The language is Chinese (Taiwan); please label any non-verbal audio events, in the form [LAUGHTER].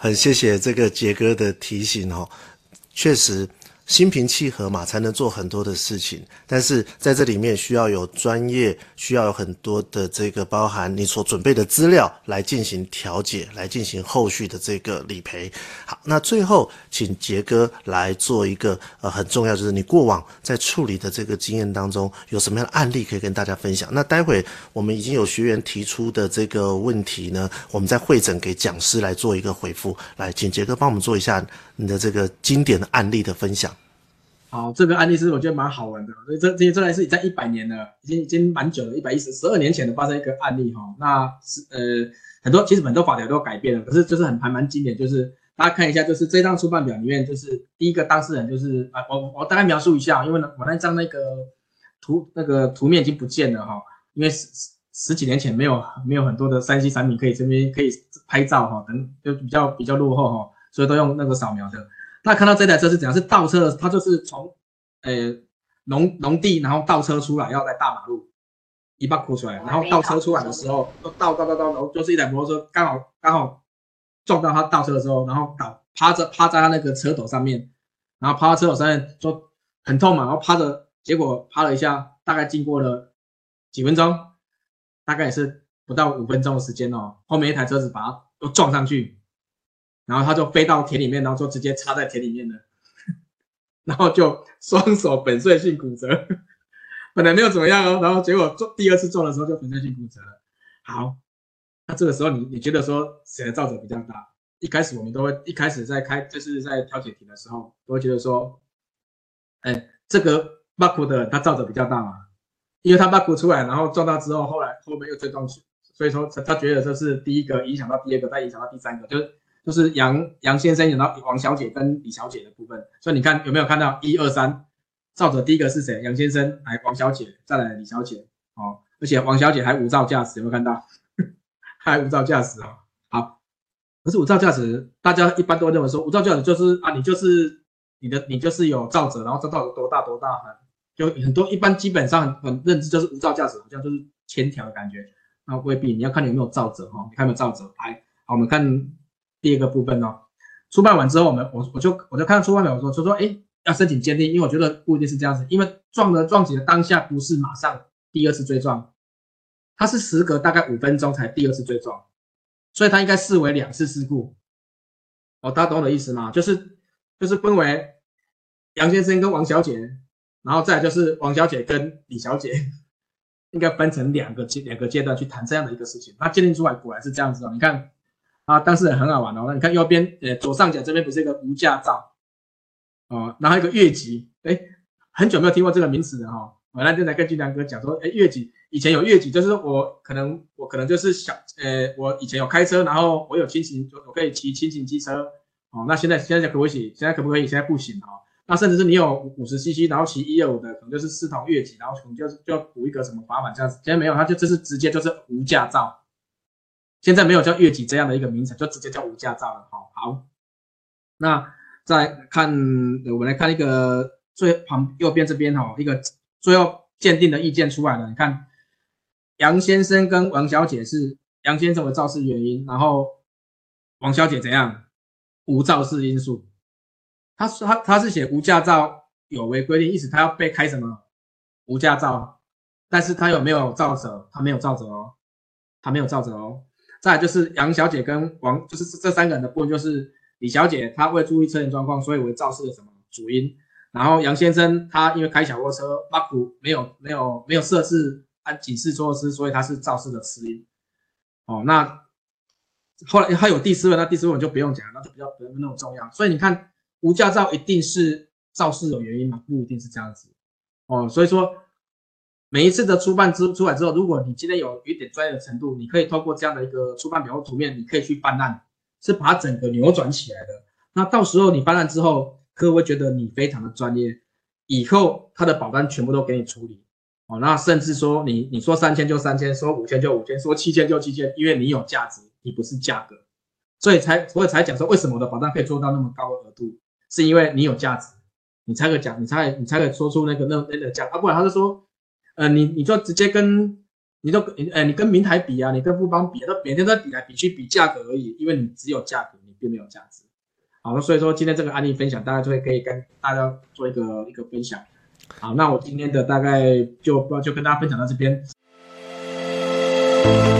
很謝謝這個杰哥的提醒哦，確實。心平氣和嘛，才能做很多的事情。但是在這裡面需要有專業，需要有很多的這個包含你所準備的資料來進行調解，來進行後續的這個理賠。好，那最後請傑哥來做一個呃很重要，就是你過往在處理的這個經驗當中有什麼樣的案例可以跟大家分享？那待會我們已經有學員提出的這個問題呢，我們再彙整給講師來做一個回復。來，請傑哥幫我們做一下。你的這個經典的案例的分享，好，這個案例是我覺得蠻好玩的，所以這這這還是在一百年了，已經已經蠻久了，一百一十十二年前的發生一個案例哈、哦，那是呃很多其實很多法條都改變了，可是就是很還蠻經典，就是大家看一下，就是這張出版表裡面就是第一個當事人就是啊、呃，我我大概描述一下，因為我那張那個圖那個圖面已經不見了哈、哦，因為十十幾年前沒有沒有很多的三 C 產品可以這邊可以拍照哈，等、哦、就比較比較落後哈。哦所以都用那個掃描的，那看到這台車是怎樣？是倒車的，他就是從，呃，農農地，然後倒車出來，要在大馬路一半哭出來。然後倒車出來的時候，都倒，倒倒倒倒，然後就是一台摩托車剛好剛好撞到他倒車的時候，然後倒趴着趴在他那個車頭上面，然後趴到車頭上面就很痛嘛，然後趴着，結果趴了一下，大概經過了幾分鐘，大概也是不到五分鐘的時間哦。後面一台車子把他都撞上去。然後他就飛到田裡面，然後就直接插在田裡面了，然後就雙手粉碎性骨折，本來沒有怎麼樣哦，然後結果做第二次做的時候就粉碎性骨折了。好，那這個時候你你覺得說誰的肇責比較大？一開始我們都會一開始在開就是在調解庭的時候，都會覺得說，哎，這個 back 的人他肇責比較大嘛，因為他 back 出來，然後撞到之後，後來後面又追撞去，所以說他他覺得這是第一個影響到第二個，再影響到第三個，就是。就是楊楊先生，然後王小姐跟李小姐的部分，所以你看有沒有看到一二三，1, 2, 3, 肇責第一個是誰？楊先生，哎，王小姐，再來李小姐，哦，而且王小姐還無照駕駛，有沒有看到？ [LAUGHS] 還無照駕駛哦，好，可是無照駕駛，大家一般都會認為說無照駕駛就是啊，你就是你的你就是有肇責，然後這肇責多大多大,多大，就很多一般基本上很,很認知就是無照駕駛好像就是千條的感覺，那未必，你要看有沒有肇責哈，哦、你看有沒有肇責啦，好，我們看。第二個部分哦，初判完之後我，我們我我就我就看到初判表，我說就說哎，要申請鑑定，因為我覺得不一定是這樣子，因為撞了撞起的當下不是馬上第二次追撞，他是時隔大概五分鐘才第二次追撞，所以他應該視為兩次事故。哦，大家懂我的意思嗎？就是就是分為楊先生跟王小姐，然後再來就是王小姐跟李小姐，應該分成兩個階兩個階段去談這樣的一個事情。那鑑定出來果然是這樣子哦，你看。啊，但是也很好玩哦。那你看右邊，呃，左上角這邊不是一個無駕照哦、呃，然後一個越級。哎，很久沒有聽過這個名詞了哈。我、哦、那天才跟金良哥講說，哎，越級以前有越級，就是我可能我可能就是想、呃，我以前有開車，然後我有輕型，我我可以騎輕型機車哦。那現在現在可不可以？現在可不可以？現在不行哈、哦。那甚至是你有五十 CC，然後騎一二五的，可能就是視同越級，然後可能就是就補一個什麼罰單這樣子。現在沒有，他就這是直接就是無駕照。現在沒有叫月季這樣的一個名稱，就直接叫無駕照了哈。好，那再看，我們來看一個最旁右邊這邊哈，一個最後鑑定的意見出來了。你看，楊先生跟王小姐是楊先生有肇事原因，然後王小姐怎樣？無肇事因素。他說他是寫無駕照有違規定，意思他要被開什麼？無駕照。但是他有沒有肇責？他沒有肇責哦，他沒有肇責哦。再來就是楊小姐跟王，就是這三個人的部分，就是李小姐她未注意車前狀況，所以為肇事的什麼主因。然後楊先生他因為開小貨車，馬虎沒有沒有沒有設置安警示措施，所以他是肇事的次因。哦，那後來還有第四問，那第四問我就不用講，那就比較不那麼重要。所以你看，無駕照一定是肇事有原因嗎？不一定是這樣子。哦，所以說。每一次的初判之出來之後，如果你今天有一點專業的程度，你可以透過這樣的一個初判表或圖片，你可以去翻案，是把它整個扭轉起來的。那到時候你翻案之後，客戶會覺得你非常的專業，以後他的保單全部都給你處理哦。那甚至說你你說三千就三千，說五千就五千，說七千就七千，因為你有價值，你不是價格，所以才所以才講說為什麼我的保單可以做到那麼高額度，是因為你有價值，你才可以講，你才你才可以說出那個那那個價，啊，不然他就說。呃、你你就直接跟，你就、欸、你跟明台比啊，你跟富邦比啊，都每天都在比來比去，比價格而已，因為你只有價格，你並沒有價值。好了，所以說今天這個案例分享，大概就可以跟大家做一個一個分享。好，那我今天的大概就就跟大家分享到這邊。嗯